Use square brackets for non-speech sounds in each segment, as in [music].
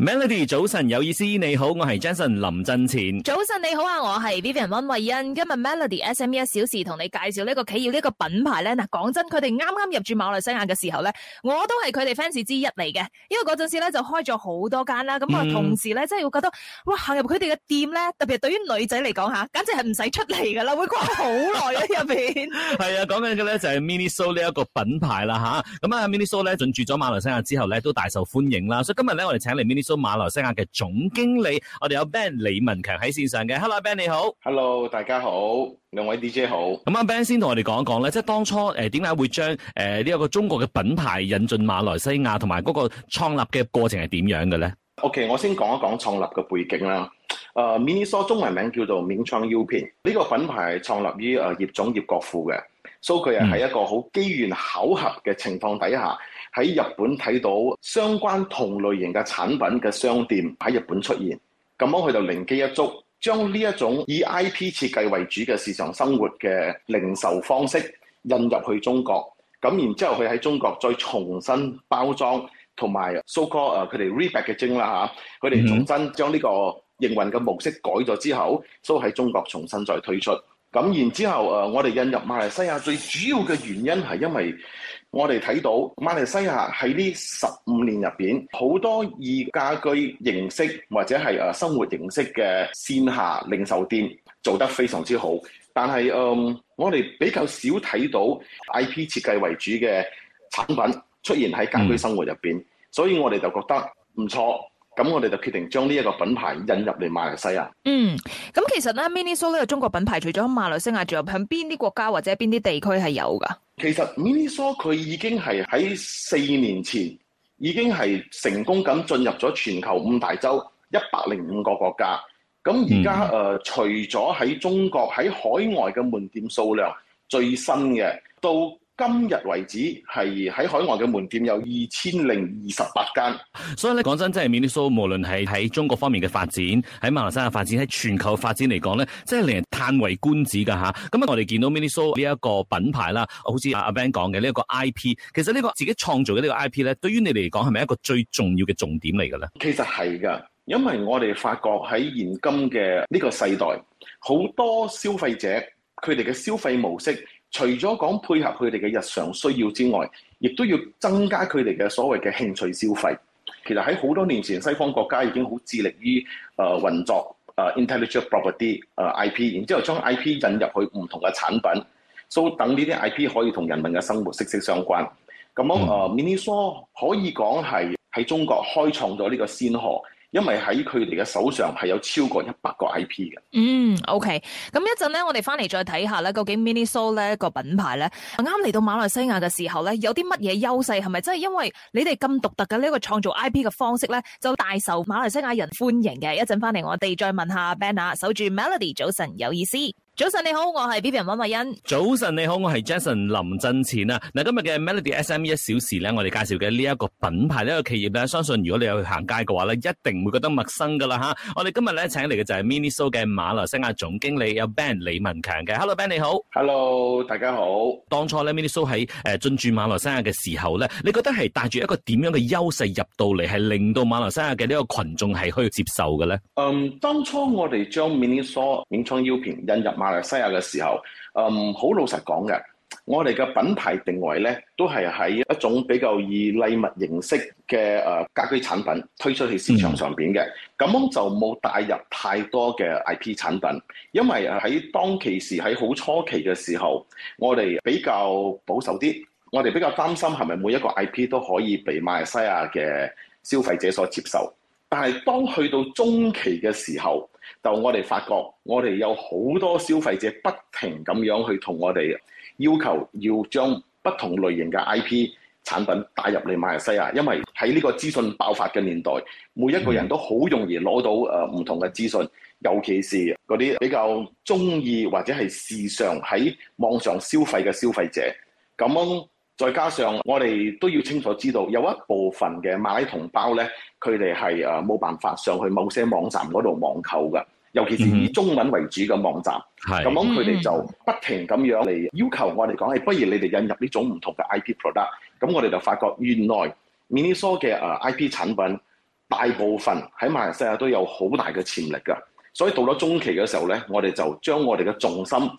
Melody，早晨有意思，你好，我係 Jason 林振前。早晨你好啊，我係 Vivian 溫慧欣。今日 Melody S M E 一小時同你介紹呢個企業呢個品牌咧。嗱，講真，佢哋啱啱入駐馬來西亞嘅時候咧，我都係佢哋 fans 之一嚟嘅。因為嗰陣時咧就開咗好多間啦，咁啊、嗯、同時咧真係會覺得哇，行入佢哋嘅店咧，特別係對於女仔嚟講吓，簡直係唔使出嚟噶啦，會逛好耐喺入邊。係 [laughs] 面啊，講緊嘅咧就係 Miniso 呢一個品牌啦吓。咁啊，Miniso 咧進駐咗馬來西亞之後咧都大受歡迎啦。所以今日咧我哋請嚟 Mini。蘇馬來西亞嘅總經理，我哋有 Ben 李文強喺綫上嘅，Hello Ben 你好，Hello 大家好，兩位 DJ 好。咁阿 Ben 先同我哋講一講咧，即係當初誒點解會將誒呢一個中國嘅品牌引進馬來西亞，同埋嗰個創立嘅過程係點樣嘅咧？OK，我先講一講創立嘅背景啦。誒、呃、Miniso 中文名叫做名創優品，呢個品牌創立於誒葉總葉國富嘅，所佢係喺一個好機緣巧合嘅情況底下。喺日本睇到相關同類型嘅產品嘅商店喺日本出現，咁樣佢就靈機一觸，將呢一種以 IP 設計為主嘅市場生活嘅零售方式引入去中國，咁然之後佢喺中國再重新包裝同埋 so called 啊佢哋 repack 嘅精啦嚇，佢哋重新將呢個營運嘅模式改咗之後，so 喺中國重新再推出。咁然之後，誒我哋引入馬來西亞最主要嘅原因係因為我哋睇到馬來西亞喺呢十五年入邊，好多以家居形式或者係誒生活形式嘅線下零售店做得非常之好，但係誒我哋比較少睇到 IP 設計為主嘅產品出現喺家居生活入邊，所以我哋就覺得唔錯。咁我哋就決定將呢一個品牌引入嚟馬來西亞。嗯，咁其實咧，Miniso 呢個中國品牌，除咗喺馬來西亞，仲有喺邊啲國家或者邊啲地區係有㗎？其實 Miniso 佢已經係喺四年前已經係成功咁進入咗全球五大洲一百零五個國家。咁而家誒，嗯、除咗喺中國，喺海外嘅門店數量最新嘅都，今日為止係喺海外嘅門店有二千零二十八間，所以咧講真，即係 MINISO 無論係喺中國方面嘅發展，喺馬來西亞發展，喺全球發展嚟講咧，真係令人嘆為觀止㗎嚇。咁啊，我哋見到 MINISO 呢一個品牌啦，好似阿 Ben 講嘅呢一個 IP，其實呢個自己創造嘅呢個 IP 咧，對於你嚟講係咪一個最重要嘅重點嚟嘅咧？其實係㗎，因為我哋發覺喺現今嘅呢個世代，好多消費者佢哋嘅消費模式。除咗講配合佢哋嘅日常需要之外，亦都要增加佢哋嘅所謂嘅興趣消費。其實喺好多年前，西方國家已經好致力於誒運作誒 intellectual property 誒 IP，然之後將 IP 引入去唔同嘅產品，所以等呢啲 IP 可以同人民嘅生活息息相關。咁樣誒，Miniso 可以講係喺中國開創咗呢個先河。因為喺佢哋嘅手上係有超過一百個 IP 嘅。嗯，OK。咁一陣呢，我哋翻嚟再睇下咧，究竟 Miniso 呢個品牌咧，啱嚟到馬來西亞嘅時候咧，有啲乜嘢優勢？係咪真係因為你哋咁獨特嘅呢個創造 IP 嘅方式咧，就大受馬來西亞人歡迎嘅？一陣翻嚟我哋再問下 Ben 啊，守住 Melody 早晨有意思。早晨你好，我係 B B M 温慧欣。早晨你好，我係 Jason 林振前啊！嗱，今日嘅 Melody S M E 一小時咧，我哋介紹嘅呢一個品牌、呢、呢個企業咧，相信如果你有去行街嘅話咧，一定會覺得陌生噶啦吓！我哋今日咧請嚟嘅就係 MINISO 嘅馬來西亞總經理阿 Ben 李文強嘅。Hello Ben，你好。Hello，大家好。當初咧 MINISO 喺誒進駐馬來西亞嘅時候咧，你覺得係帶住一個點樣嘅優勢入到嚟，係令到馬來西亞嘅呢個群眾係可以接受嘅咧？Um, 當初我哋將 MINISO 名創優品引入馬。馬來西亞嘅時候，嗯，好老實講嘅，我哋嘅品牌定位咧，都係喺一種比較以禮物形式嘅家居產品推出去市場上邊嘅，咁、嗯、就冇帶入太多嘅 I P 產品，因為喺當其時喺好初期嘅時候，我哋比較保守啲，我哋比較擔心係咪每一個 I P 都可以被馬來西亞嘅消費者所接受，但係當去到中期嘅時候。就我哋發覺，我哋有好多消費者不停咁樣去同我哋要求，要將不同類型嘅 IP 產品帶入嚟馬來西亞。因為喺呢個資訊爆發嘅年代，每一個人都好容易攞到誒唔同嘅資訊，尤其是嗰啲比較鍾意或者係時常喺網上消費嘅消費者，咁再加上我哋都要清楚知道，有一部分嘅馬來同胞咧，佢哋係冇辦法上去某些網站嗰度網購嘅，尤其是以中文為主嘅網站、mm。係咁，咁佢哋就不停咁樣嚟要求我哋講，係不如你哋引入呢種唔同嘅 I P product。咁我哋就發覺原來 Miniso 嘅 I P 產品大部分喺馬來西亞都有好大嘅潛力㗎。所以到咗中期嘅時候咧，我哋就將我哋嘅重心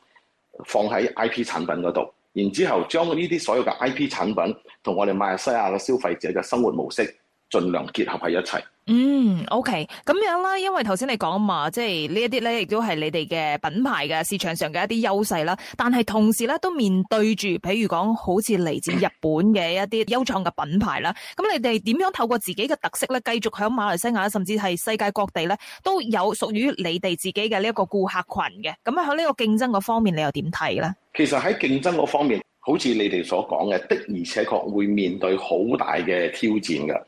放喺 I P 產品嗰度。然之後，將呢啲所有嘅 IP 產品同我哋馬來西亞嘅消費者嘅生活模式，盡量結合喺一齊。嗯，OK，咁樣啦，因為頭先你講啊嘛，即係呢一啲咧，亦都係你哋嘅品牌嘅市場上嘅一啲優勢啦。但係同時咧，都面對住，譬如講好似嚟自日本嘅一啲優創嘅品牌啦。咁你哋點樣透過自己嘅特色咧，繼續喺馬來西亞，甚至係世界各地咧，都有屬於你哋自己嘅呢一個顧客群嘅。咁啊，喺呢個競爭嗰方面，你又點睇咧？其實喺競爭嗰方面，好似你哋所講嘅的，的而且確會面對好大嘅挑戰㗎。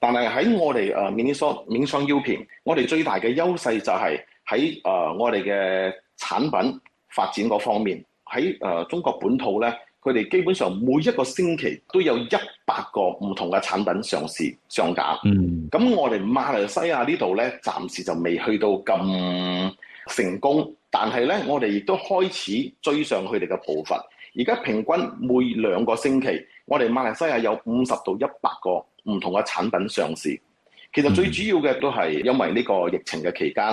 但係喺我哋誒名創名創優品，我哋最大嘅優勢就係喺誒我哋嘅產品發展嗰方面，喺誒、呃、中國本土咧，佢哋基本上每一個星期都有一百個唔同嘅產品上市上架。嗯，咁我哋馬來西亞這呢度咧，暫時就未去到咁成功，但係咧，我哋亦都開始追上佢哋嘅步伐。而家平均每兩個星期，我哋馬來西亞有五十到一百個，唔同嘅產品上市，其實最主要嘅都係因為呢個疫情嘅期間。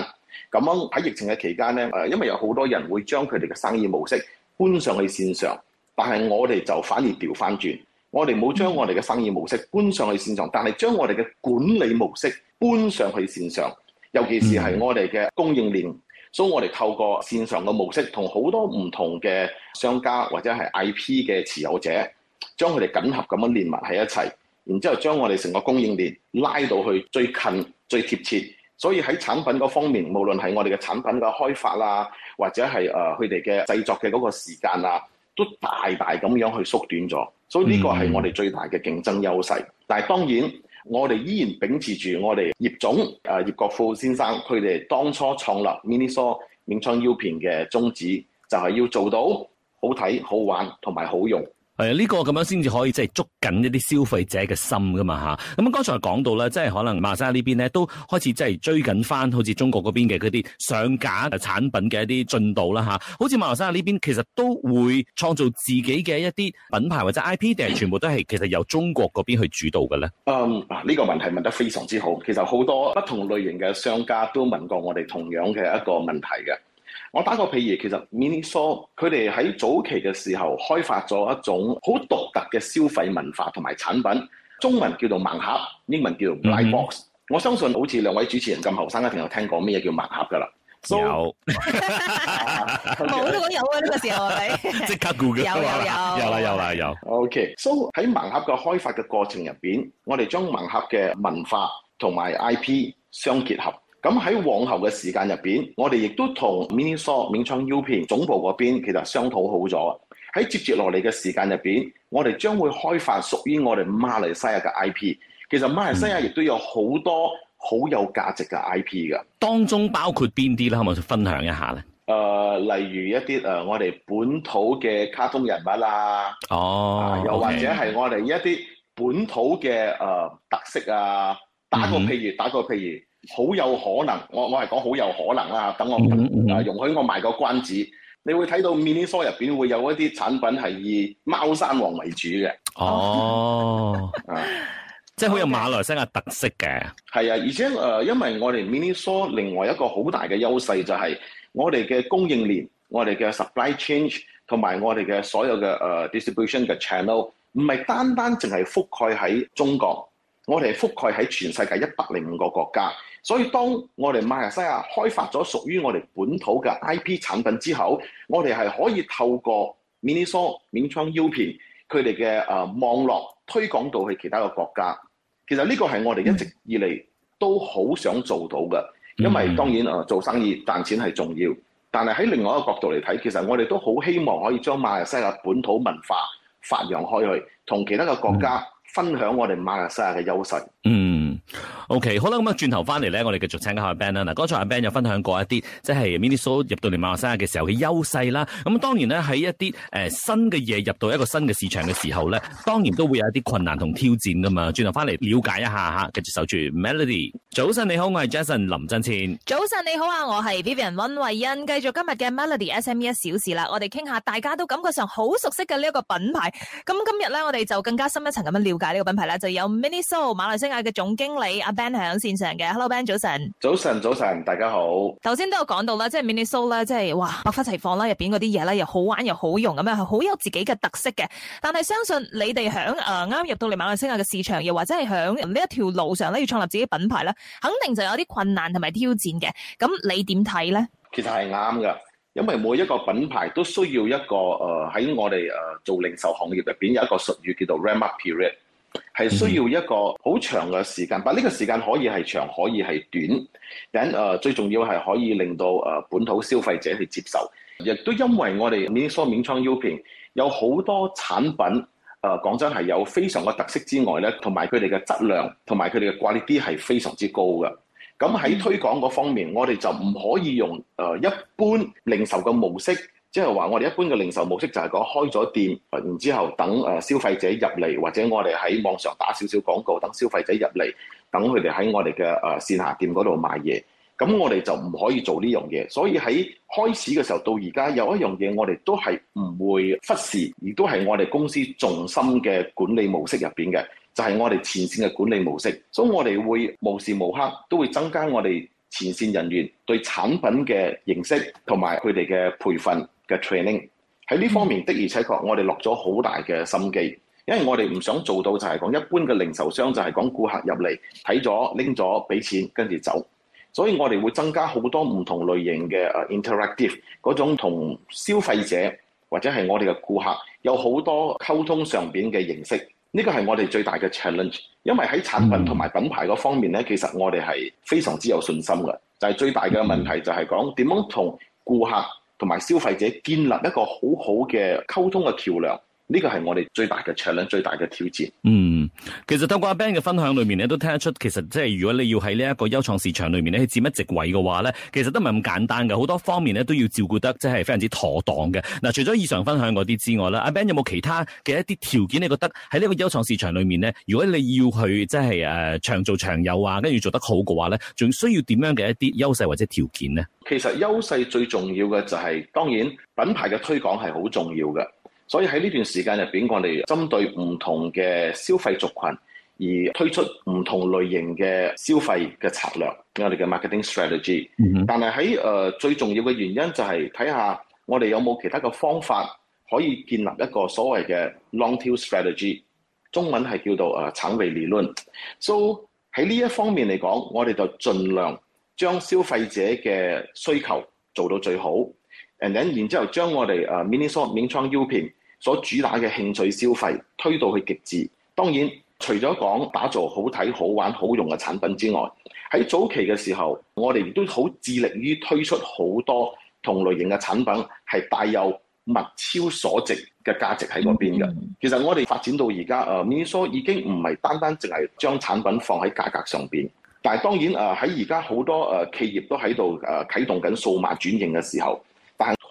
咁喺疫情嘅期間呢，因為有好多人會將佢哋嘅生意模式搬上去線上，但係我哋就反而調翻轉，我哋冇將我哋嘅生意模式搬上去線上，但係將我哋嘅管理模式搬上去線上，尤其是係我哋嘅供應鏈，所以我哋透過線上嘅模式，同好多唔同嘅商家或者係 IP 嘅持有者，將佢哋緊合咁樣連埋喺一齊。然之後將我哋成個供應鏈拉到去最近、最貼切，所以喺產品嗰方面，無論係我哋嘅產品嘅開發啦，或者係誒佢哋嘅製作嘅嗰個時間啊，都大大咁樣去縮短咗。所以呢個係我哋最大嘅競爭優勢。但係當然，我哋依然秉持住我哋葉總啊，葉國富先生，佢哋當初創立 MINISO 名創優品嘅宗旨，就係要做到好睇、好玩同埋好用。係呢個咁樣先至可以即係捉緊一啲消費者嘅心噶嘛吓，咁剛才講到啦，即係可能馬來西亞呢邊咧都開始即係追緊翻，好似中國嗰邊嘅嗰啲上架誒產品嘅一啲進度啦吓，好似馬來西亞呢邊其實都會創造自己嘅一啲品牌或者 IP，定係全部都係其實由中國嗰邊去主導嘅咧？嗯，嗱、這、呢個問題問得非常之好，其實好多不同類型嘅商家都問過我哋同樣嘅一個問題嘅。我打個譬如，其實 Miniso 佢哋喺早期嘅時候開發咗一種好獨特嘅消費文化同埋產品，中文叫做盲盒，英文叫做 Blind Box。Mm hmm. 我相信好似兩位主持人咁後生，一定有聽過咩叫盲盒㗎啦、啊這個啊。 [laughs] 有，冇都講有啊，呢個時候你即刻 Google 有有有，有啦有啦有。o k s、okay. o、so, 喺盲盒嘅開發嘅過程入邊，我哋將盲盒嘅文化同埋 IP 相結合。咁喺往後嘅時間入邊，我哋亦都同 MINISO 名創優品總部嗰邊其實商討好咗。喺接住落嚟嘅時間入邊，我哋將會開發屬於我哋馬來西亞嘅 IP。其實馬來西亞亦都有好多好有價值嘅 IP 嘅、嗯，當中包括邊啲咧？可唔可以分享一下咧？誒、呃，例如一啲誒、呃、我哋本土嘅卡通人物啊，哦，呃、okay 又或者係我哋一啲本土嘅誒、呃、特色啊，打個譬如，嗯、打個譬如。好有可能，我我係講好有可能啊。等我啊、mm hmm. 容許我賣個關子，你會睇到 Miniso 入面會有一啲產品係以貓山王為主嘅。哦，啊，即係好有馬來西亞特色嘅。係、okay. 啊，而且、呃、因為我哋 Miniso 另外一個好大嘅優勢就係我哋嘅供應鏈，我哋嘅 supply chain 同埋我哋嘅所有嘅、uh, distribution 嘅 channel，唔係單單淨係覆蓋喺中國，我哋係覆蓋喺全世界一百零五個國家。所以當我哋馬來西亞開發咗屬於我哋本土嘅 IP 產品之後，我哋係可以透過 MINISO、名創優品，佢哋嘅誒網絡推廣到去其他嘅國家。其實呢個係我哋一直以嚟都好想做到嘅，因為當然做生意賺錢係重要，但係喺另外一個角度嚟睇，其實我哋都好希望可以將馬來西亞本土文化發揚開去，同其他嘅國家分享我哋馬來西亞嘅優勢。嗯。O.K. 好啦，咁啊轉頭翻嚟咧我哋繼續請下阿 Ben 啦。嗱，剛才阿 Ben 有分享過一啲，即係 MINISO 入到嚟馬來西亞嘅時候優勢，嘅優勢啦。咁當然咧，喺一啲誒新嘅嘢入到一個新嘅市場嘅時候咧，當然都會有一啲困難同挑戰噶嘛。轉頭翻嚟了解一下吓，繼續守住 Melody。早晨你好，我係 Jason 林振前。早晨你好啊，我係 Vivian 溫慧欣。繼續今日嘅 Melody S.M.E. 一小時啦，我哋傾下大家都感覺上好熟悉嘅呢一個品牌。咁今日咧，我哋就更加深一層咁樣了解呢個品牌咧，就有 MINISO 馬來西亞嘅總經理 Ben 喺線上嘅，Hello Ben，早晨，早晨早晨，大家好。頭先都有講到啦，即係 MINISO 咧，即係哇百花齊放啦，入邊嗰啲嘢咧又好玩又好用咁樣，係好有自己嘅特色嘅。但係相信你哋喺誒啱入到嚟馬來西亞嘅市場，又或者係喺呢一條路上咧要創立自己品牌咧，肯定就有啲困難同埋挑戰嘅。咁你點睇咧？其實係啱㗎，因為每一個品牌都需要一個誒喺、呃、我哋誒、呃、做零售行業入邊有一個術語叫做 ramp up period，係需要一個好長嘅時間，但呢個時間可以係長，可以係短。咁誒，最重要係可以令到誒本土消費者去接受。亦都因為我哋面霜面窗 U 片，有好多產品誒，講真係有非常嘅特色之外咧，同埋佢哋嘅質量同埋佢哋嘅掛力啲係非常之高嘅。咁喺推廣嗰方面，我哋就唔可以用誒一般零售嘅模式。即係話，我哋一般嘅零售模式就係講開咗店，然之後等誒消費者入嚟，或者我哋喺網上打少少廣告，等消費者入嚟，等佢哋喺我哋嘅誒線下店嗰度買嘢。咁我哋就唔可以做呢樣嘢。所以喺開始嘅時候到而家有一樣嘢，我哋都係唔會忽視，亦都係我哋公司重心嘅管理模式入面嘅，就係我哋前線嘅管理模式。所以我哋會無時無刻都會增加我哋前線人員對產品嘅認識，同埋佢哋嘅培訓。嘅 training 喺呢方面，的而且確，我哋落咗好大嘅心機，因為我哋唔想做到就係講一般嘅零售商，就係講顧客入嚟睇咗拎咗俾錢跟住走，所以我哋會增加好多唔同類型嘅 interactive 嗰種同消費者或者係我哋嘅顧客有好多溝通上面嘅形式。呢個係我哋最大嘅 challenge，因為喺產品同埋品牌嗰方面呢，其實我哋係非常之有信心嘅，就係最大嘅問題就係講點樣同顧客，同埋消費者建立一個好好嘅溝通嘅橋梁。呢個係我哋最大嘅長量，最大嘅挑戰。嗯，其實透過阿 Ben 嘅分享裏面咧，都聽得出，其實即係如果你要喺呢一個優創市場裏面咧，去佔一席位嘅話咧，其實都唔係咁簡單嘅，好多方面咧都要照顧得即係非常之妥當嘅。嗱，除咗以上分享嗰啲之外咧，阿 Ben 有冇其他嘅一啲條件？你覺得喺呢個優創市場裏面咧，如果你要去即係誒長做長有啊，跟住做得好嘅話咧，仲需要點樣嘅一啲優勢或者條件呢？其實優勢最重要嘅就係，當然品牌嘅推廣係好重要嘅。所以喺呢段時間入邊，我哋針對唔同嘅消費族群而推出唔同類型嘅消費嘅策略，我哋嘅 marketing strategy。但係喺誒最重要嘅原因就係睇下我哋有冇其他嘅方法可以建立一個所謂嘅 long-tail strategy，中文係叫做誒長尾理論，so 喺呢一方面嚟講，我哋就盡量將消費者嘅需求做到最好。誒然然之後將們，將我哋誒 MINISO 名創優品所主打嘅興趣消費推到去極致。當然，除咗講打造好睇、好玩、好用嘅產品之外，喺早期嘅時候，我哋亦都好致力於推出好多同類型嘅產品，係帶有物超所值嘅價值喺嗰邊嘅。其實我哋發展到而家誒 MINISO 已經唔係單單淨係將產品放喺價格上邊，但係當然誒喺而家好多誒、uh, 企業都喺度誒啟動緊數碼轉型嘅時候。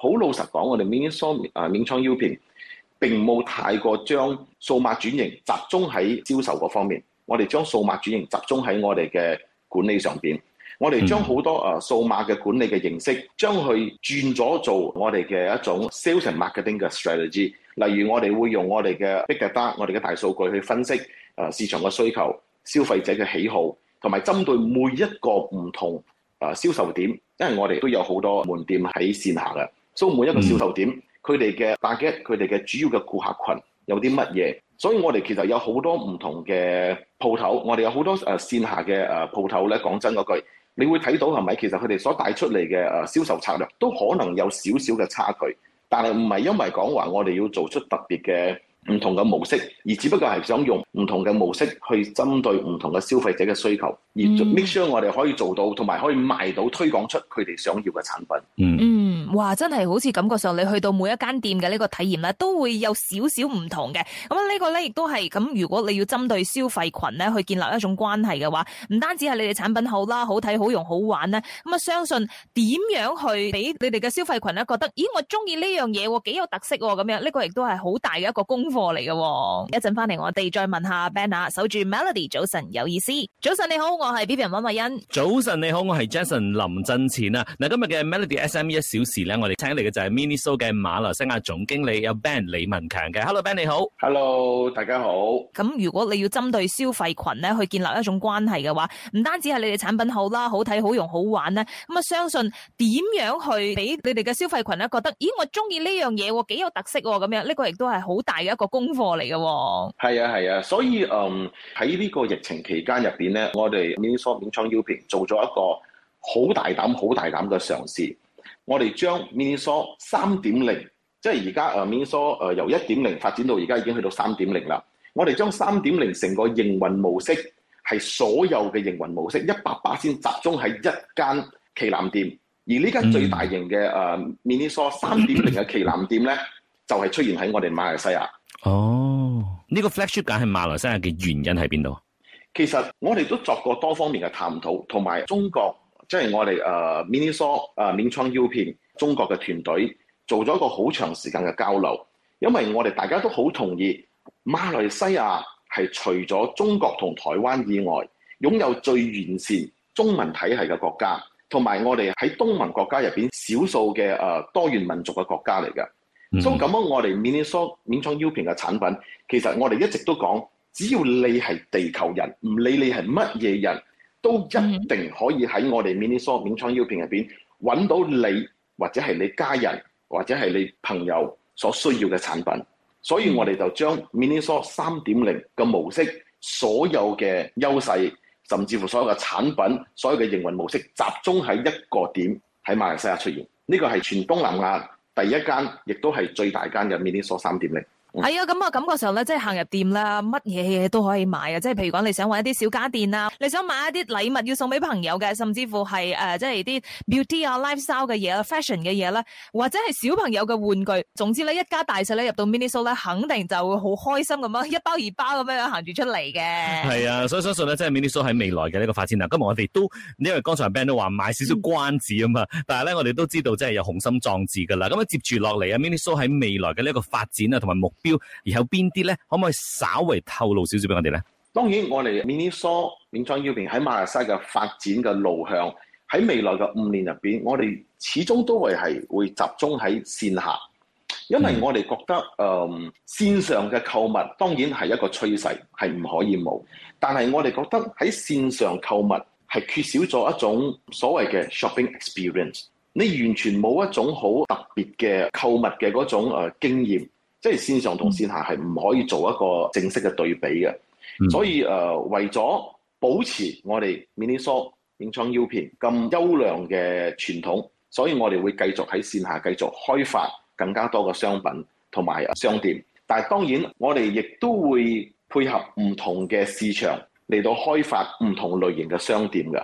好老實講，我哋 mini shop 啊，mini U 店並冇太過將數碼轉型集中喺銷售嗰方面。我哋將數碼轉型集中喺我哋嘅管理上邊。我哋將好多啊數碼嘅管理嘅形式，將佢轉咗做我哋嘅一種 sales and marketing strategy。例如，我哋會用我哋嘅 big data，我哋嘅大數據去分析啊市場嘅需求、消費者嘅喜好，同埋針對每一個唔同啊銷售點，因為我哋都有好多門店喺線下嘅。收、so，每一個銷售點，佢哋嘅大佢哋嘅主要嘅顧客群有啲乜嘢？所以我哋其實有好多唔同嘅鋪頭，我哋有好多誒線下嘅誒鋪頭咧。講真嗰句，你會睇到係咪？其實佢哋所帶出嚟嘅誒銷售策略都可能有少少嘅差距，但係唔係因為講話我哋要做出特別嘅。唔同嘅模式，而只不過係想用唔同嘅模式去針對唔同嘅消費者嘅需求，嗯、而 make sure 我哋可以做到，同埋可以賣到推廣出佢哋想要嘅產品。嗯，哇，真係好似感覺上你去到每一間店嘅呢個體驗咧，都會有少少唔同嘅。咁呢個咧亦都係，咁，如果你要針對消費群咧去建立一種關係嘅話，唔單止係你哋產品好啦，好睇、好用、好玩咧，咁啊，相信點樣去俾你哋嘅消費群咧覺得，咦，我中意呢樣嘢喎，幾有特色喎，哦，咁樣呢，這個亦都係好大嘅一個功。功。貨嚟嘅，一陣翻嚟我哋再問下 Ben 啊，守住 Melody 早晨有意思，早晨你好，我係 Vivian 溫慧欣，早晨你好，我係 Jason 林振前啊，嗱今日嘅 Melody SME 一小時咧，我哋請嚟嘅就係 Miniso 嘅馬來西亞總經理有 Ben 李文強嘅，Hello Ben 你好，Hello 大家好，咁如果你要針對消費群咧去建立一種關係嘅話，唔單止係你哋產品好啦，好睇好用好玩呢，咁我相信點樣去俾你哋嘅消費群咧覺得，咦我中意呢樣嘢喎，幾有特色喎，咁樣呢個亦都係好大嘅一個。功課嚟嘅，係啊係啊，所以嗯喺呢個疫情期間入邊咧，我哋 MINISO 名創優品做咗一個好大膽、好大膽嘅嘗試。我哋將 MINISO 三點零，即係而家誒 MINISO 誒由一點零發展到而家已經去到三點零啦。我哋將三點零成個營運模式係所有嘅營運模式，一百巴仙先集中喺一間旗艦店，而呢間最大型嘅誒 MINISO 三點零嘅旗艦店咧， [laughs] 就係出現喺我哋馬來西亞。哦，呢、這個 flagship 喺馬來西亞嘅原因喺邊度？其實我哋都作過多方面嘅探討，同埋中國即係、就是、我哋誒 Miniso 誒名創優品中國嘅團隊做咗一個好長時間嘅交流，因為我哋大家都好同意馬來西亞係除咗中國同台灣以外，擁有最完善中文體系嘅國家，同埋我哋喺東盟國家入邊少數嘅誒多元民族嘅國家嚟嘅。所以咁樣，我哋 MINISO 名創優品嘅產品，其實我哋一直都講，只要你係地球人，唔理你係乜嘢人，都一定可以喺我哋 MINISO 名創優品入邊揾到你或者係你家人或者係你朋友所需要嘅產品。所以我哋就將 MINISO 三點零嘅模式，所有嘅優勢，甚至乎所有嘅產品，所有嘅營運模式，集中喺一個點喺馬來西亞出現。呢、呢個係全東南亞第一間，亦都係最大間嘅 Mini S 三點零。係啊，咁啊、哎，我感覺上咧，即係行入店啦，乜嘢嘢都可以買啊！即係譬如講，你想買一啲小家電啊，你想買一啲禮物要送俾朋友嘅，甚至乎係誒、呃，即係啲 beauty 啊，lifestyle 嘅嘢啦、啊、fashion 嘅嘢咧，或者係小朋友嘅玩具，總之咧，一家大細咧入到 MINISO 咧，肯定就會好開心咁樣，一包二包咁樣行住出嚟嘅。係啊，所以相信咧，即係 MINISO 喺未來嘅呢個發展啦，今日我哋都因為剛才 Ben 都話買少少關子啊嘛，嗯、但係咧我哋都知道即係有雄心壯志噶啦。咁啊接住落嚟啊，MINISO 喺未來嘅呢個發展啊，同埋目。而有邊啲咧？可唔可以稍為透露少少俾我哋咧？當然我，我哋 MINISO 名創優品喺馬來西亞嘅發展嘅路向，喺未來嘅五年入邊，我哋始終都會係會集中喺線下，因為我哋覺得誒、呃、線上嘅購物當然係一個趨勢，係唔可以冇。但係我哋覺得喺線上購物係缺少咗一種所謂嘅 shopping experience，你完全冇一種好特別嘅購物嘅嗰種誒經驗。即係線上同線下係唔可以做一個正式嘅對比嘅，所以誒為咗保持我哋 MINISO、名創優品咁優良嘅傳統，所以我哋會繼續喺線下繼續開發更加多嘅商品同埋商店。但係當然我哋亦都會配合唔同嘅市場嚟到開發唔同類型嘅商店嘅，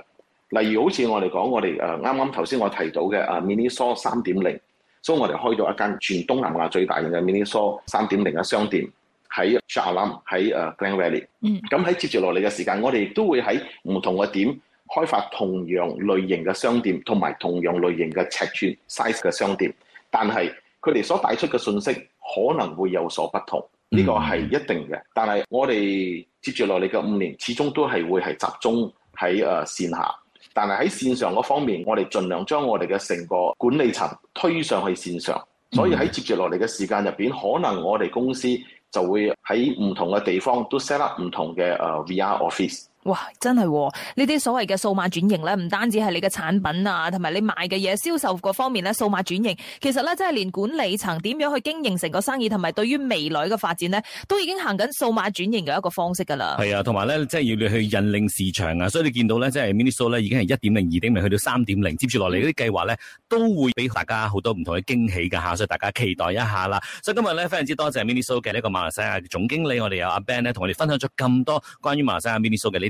例如好似我哋講我哋誒啱啱頭先我提到嘅啊 MINISO 三點零。所以我哋開咗一間全東南亞最大型嘅 Mini Shop 三點零嘅商店喺 Shah Alam 喺誒 Glenmarie 嗯。咁喺接住落嚟嘅時間，我哋都會喺唔同嘅點開發同樣類型嘅商店，同埋同樣類型嘅尺寸 size 嘅商店。但係佢哋所帶出嘅信息可能會有所不同，呢個係一定嘅。但係我哋接住落嚟嘅五年，始終都係會係集中喺誒線下。但係喺線上嗰方面，我哋盡量將我哋嘅成個管理層推上去線上，所以喺接住落嚟嘅時間入邊，可能我哋公司就會喺唔同嘅地方都 set up 唔同嘅誒 VR office。哇，真係、哦、呢啲所謂嘅數碼轉型咧，唔單止係你嘅產品啊，同埋你賣嘅嘢，銷售嗰方面咧，數碼轉型其實咧，真係連管理層點樣去經營成個生意，同埋對於未來嘅發展呢，都已經行緊數碼轉型嘅一個方式噶啦。係啊，同埋咧，即係要你去引領市場啊，所以你見到咧，即係 Miniso 咧，已經係一點零、二點零去到三點零，接住落嚟嗰啲計劃咧，都會俾大家好多唔同嘅驚喜噶吓，所以大家期待一下啦。所以今日咧，非常之多謝 Miniso 嘅呢個馬來西亞總經理，我哋有阿 Ben 咧，同我哋分享咗咁多關於馬來西亞 Miniso 嘅